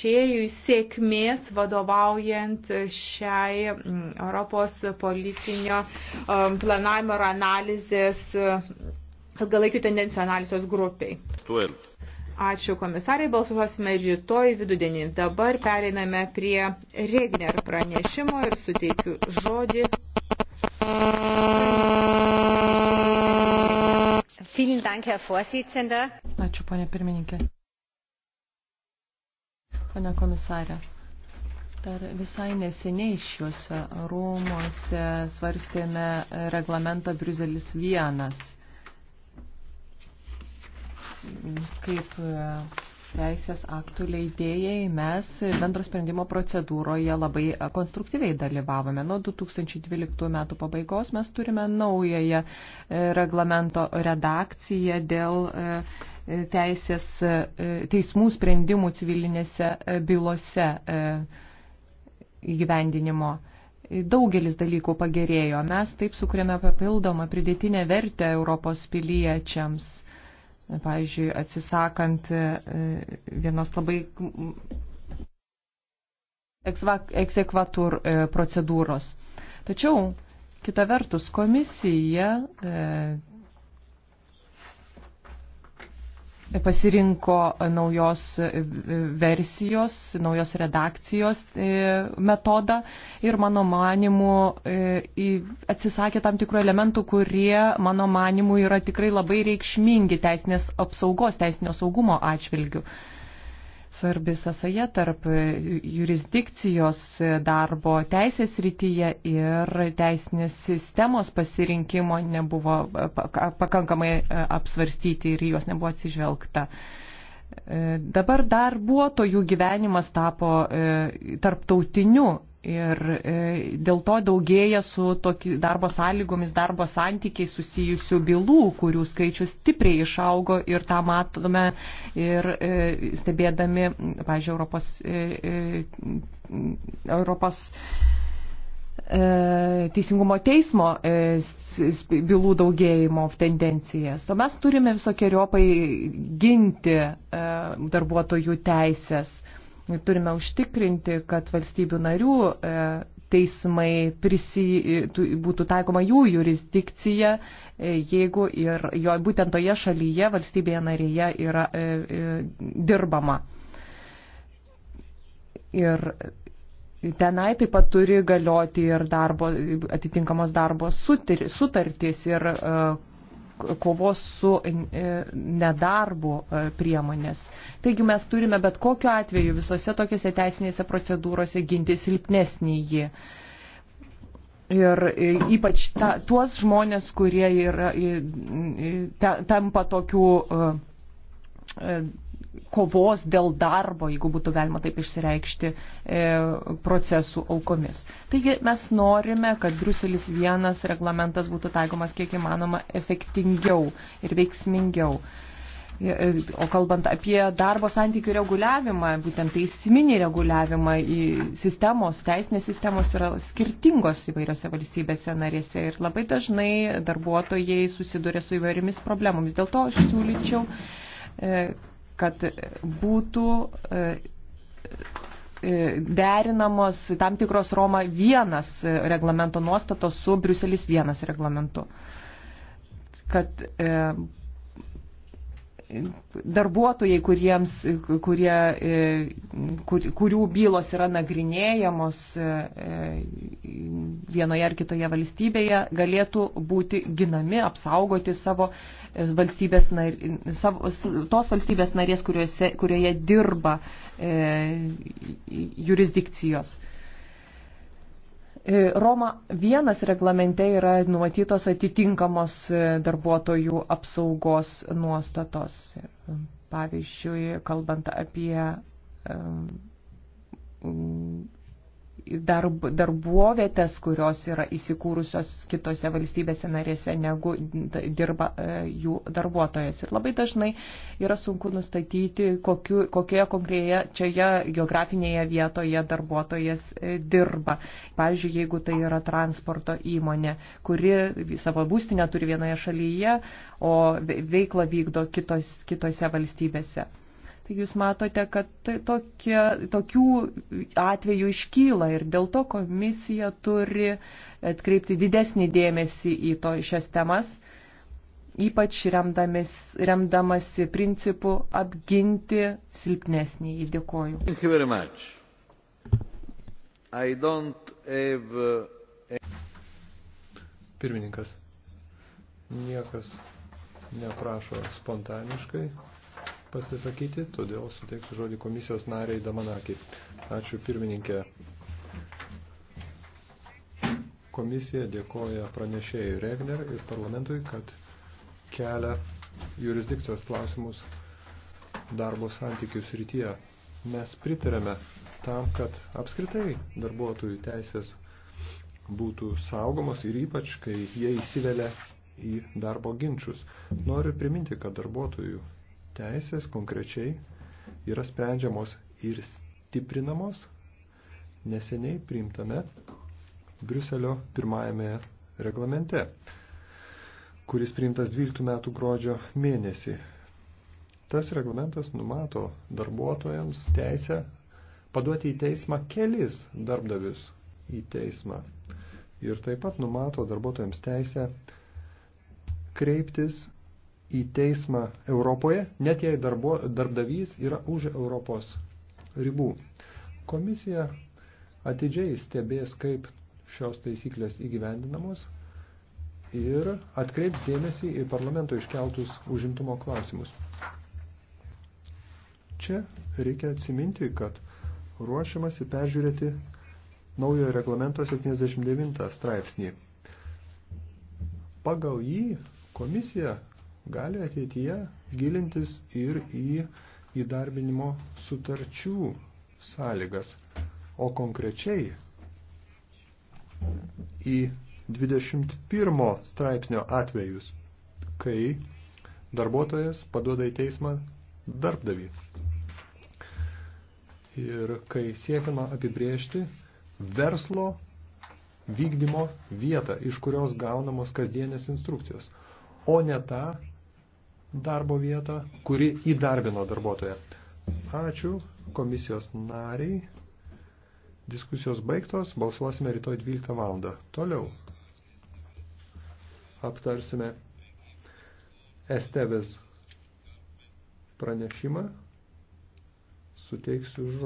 pranešėjui sėkmės vadovaujant šiai mm, Europos politinio um, planavimo ir analizės mm, ilgalaikių tendencijų analizės grupiai. 12. Ačiū komisariai, balsuosime rytoj vidudienį. Dabar pereiname prie Regner pranešimo ir suteikiu žodį. Ačiū, ponė pirmininkė. Pane komisarė, dar visai neseniai šiuose rūmose svarstėme reglamentą Briuselis vienas kaip teisės aktų leidėjai, mes bendro sprendimo procedūroje labai konstruktyviai dalyvavome. Nuo 2012 metų pabaigos mes turime naująją e, reglamento redakciją dėl e, e, teisės, teismų sprendimų civilinėse bylose įgyvendinimo daugelis dalykų pagerėjo. Mes taip sukūrėme papildomą pridėtinę vertę Europos piliečiams pavyzdžiui, atsisakant e, vienos labai eksekvatur e, procedūros. Tačiau, kita vertus, komisija e, pasirinko naujos versijos, naujos redakcijos e, metodą ir mano manimu e, atsisakė tam tikrų elementų, kurie mano manimu yra tikrai labai reikšmingi teisinės apsaugos, teisinio saugumo atžvilgių svarbi sąsaja tarp jurisdikcijos darbo teisės rytyje ir teisinės sistemos pasirinkimo nebuvo pakankamai e, apsvarstyti ir juos nebuvo atsižvelgta. E, dabar darbuotojų gyvenimas tapo e, tarptautiniu Ir e, dėl to daugėja su tokį darbo sąlygomis, darbo santykiai susijusių bylų, kurių skaičius stipriai išaugo ir tą matome ir e, stebėdami, pažiūrėjau, Europos, e, Europos teisingumo teismo bylų daugėjimo tendencijas. O mes turime visokiojopai ginti darbuotojų teisės turime užtikrinti, kad valstybių narių e, teismai prisi, būtų taikoma jų jurisdikcija, e, jeigu ir jo, būtent toje šalyje, valstybėje narėje yra e, e, dirbama. Ir tenai taip pat turi galioti ir darbo, atitinkamos darbo sutartys ir e, kovos su e, nedarbu e, priemonės. Taigi mes turime bet kokiu atveju visose tokiuose teisinėse procedūrose ginti silpnesnįjį. Ir e, ypač ta, tuos žmonės, kurie yra, tampa tokių kovos dėl darbo, jeigu būtų galima taip išsireikšti, e, procesų aukomis. Taigi mes norime, kad Bruselis vienas reglamentas būtų taikomas kiek įmanoma efektingiau ir veiksmingiau. E, e, o kalbant apie darbo santykių reguliavimą, būtent teisminį reguliavimą į sistemos, teisinės sistemos yra skirtingos įvairiose valstybėse narėse ir labai dažnai darbuotojai susiduria su įvairiomis problemomis. Dėl to aš siūlyčiau e, kad būtų e, e, derinamos tam tikros Roma vienas e, reglamento nuostatos su Briuselis vienas reglamentu. Kad darbuotojai, kuriems, kurie, e, kur, kurių bylos yra nagrinėjamos e, e, vienoje ar kitoje valstybėje, galėtų būti ginami, apsaugoti savo valstybės, nar, savo, tos valstybės narės, kuriuose, kurioje dirba jurisdikcijos. E, Roma vienas reglamente yra numatytos atitinkamos e, darbuotojų apsaugos nuostatos. Pavyzdžiui, kalbant apie darb, darbuovietės, kurios yra įsikūrusios kitose valstybėse narėse, negu dirba e, jų darbuotojas. Ir labai dažnai yra sunku nustatyti, kokiu, kokioje konkrečioje geografinėje vietoje darbuotojas e, dirba. Pavyzdžiui, jeigu tai yra transporto įmonė, kuri savo būstinę turi vienoje šalyje, o veiklą vykdo kitos, kitose valstybėse jūs matote, kad tai tokie, tokių atvejų iškyla ir dėl to komisija turi atkreipti didesnį dėmesį į to, šias temas, ypač remdamis, remdamasi principu apginti silpnesnį. Dėkoju. Have... Uh, Pirmininkas, niekas neprašo spontaniškai pasisakyti, todėl suteiksiu žodį komisijos nariai Damanakį. Ačiū pirmininkė. Komisija dėkoja pranešėjui Regner ir parlamentui, kad kelia jurisdikcijos klausimus darbo santykius rytyje. Mes pritarėme tam, kad apskritai darbuotojų teisės būtų saugomos ir ypač, kai jie įsivelia į darbo ginčius. Noriu priminti, kad darbuotojų teisės konkrečiai yra sprendžiamos ir stiprinamos neseniai priimtame Briuselio pirmajame reglamente, kuris priimtas 12 metų gruodžio mėnesį. Tas reglamentas numato darbuotojams teisę paduoti į teismą kelis darbdavius į teismą. Ir taip pat numato darbuotojams teisę kreiptis į teismą Europoje, net jei darbo, darbdavys yra už Europos ribų. Komisija atidžiai stebės, kaip šios taisyklės įgyvendinamos ir atkreips dėmesį į parlamento iškeltus užimtumo klausimus. Čia reikia atsiminti, kad ruošiamasi peržiūrėti naujojo reglamento 79 straipsnį. Pagal jį komisija gali ateityje gilintis ir į įdarbinimo sutarčių sąlygas, o konkrečiai į 21 straipsnio atvejus, kai darbuotojas paduoda į teismą darbdavį. Ir kai siekiama apibriežti verslo vykdymo vietą, iš kurios gaunamos kasdienės instrukcijos, o ne tą, darbo vietą, kuri įdarbino darbuotoją. Ačiū komisijos nariai. Diskusijos baigtos, balsuosime rytoj 12 valandą. Toliau aptarsime Estevės pranešimą. Suteiksiu žodį.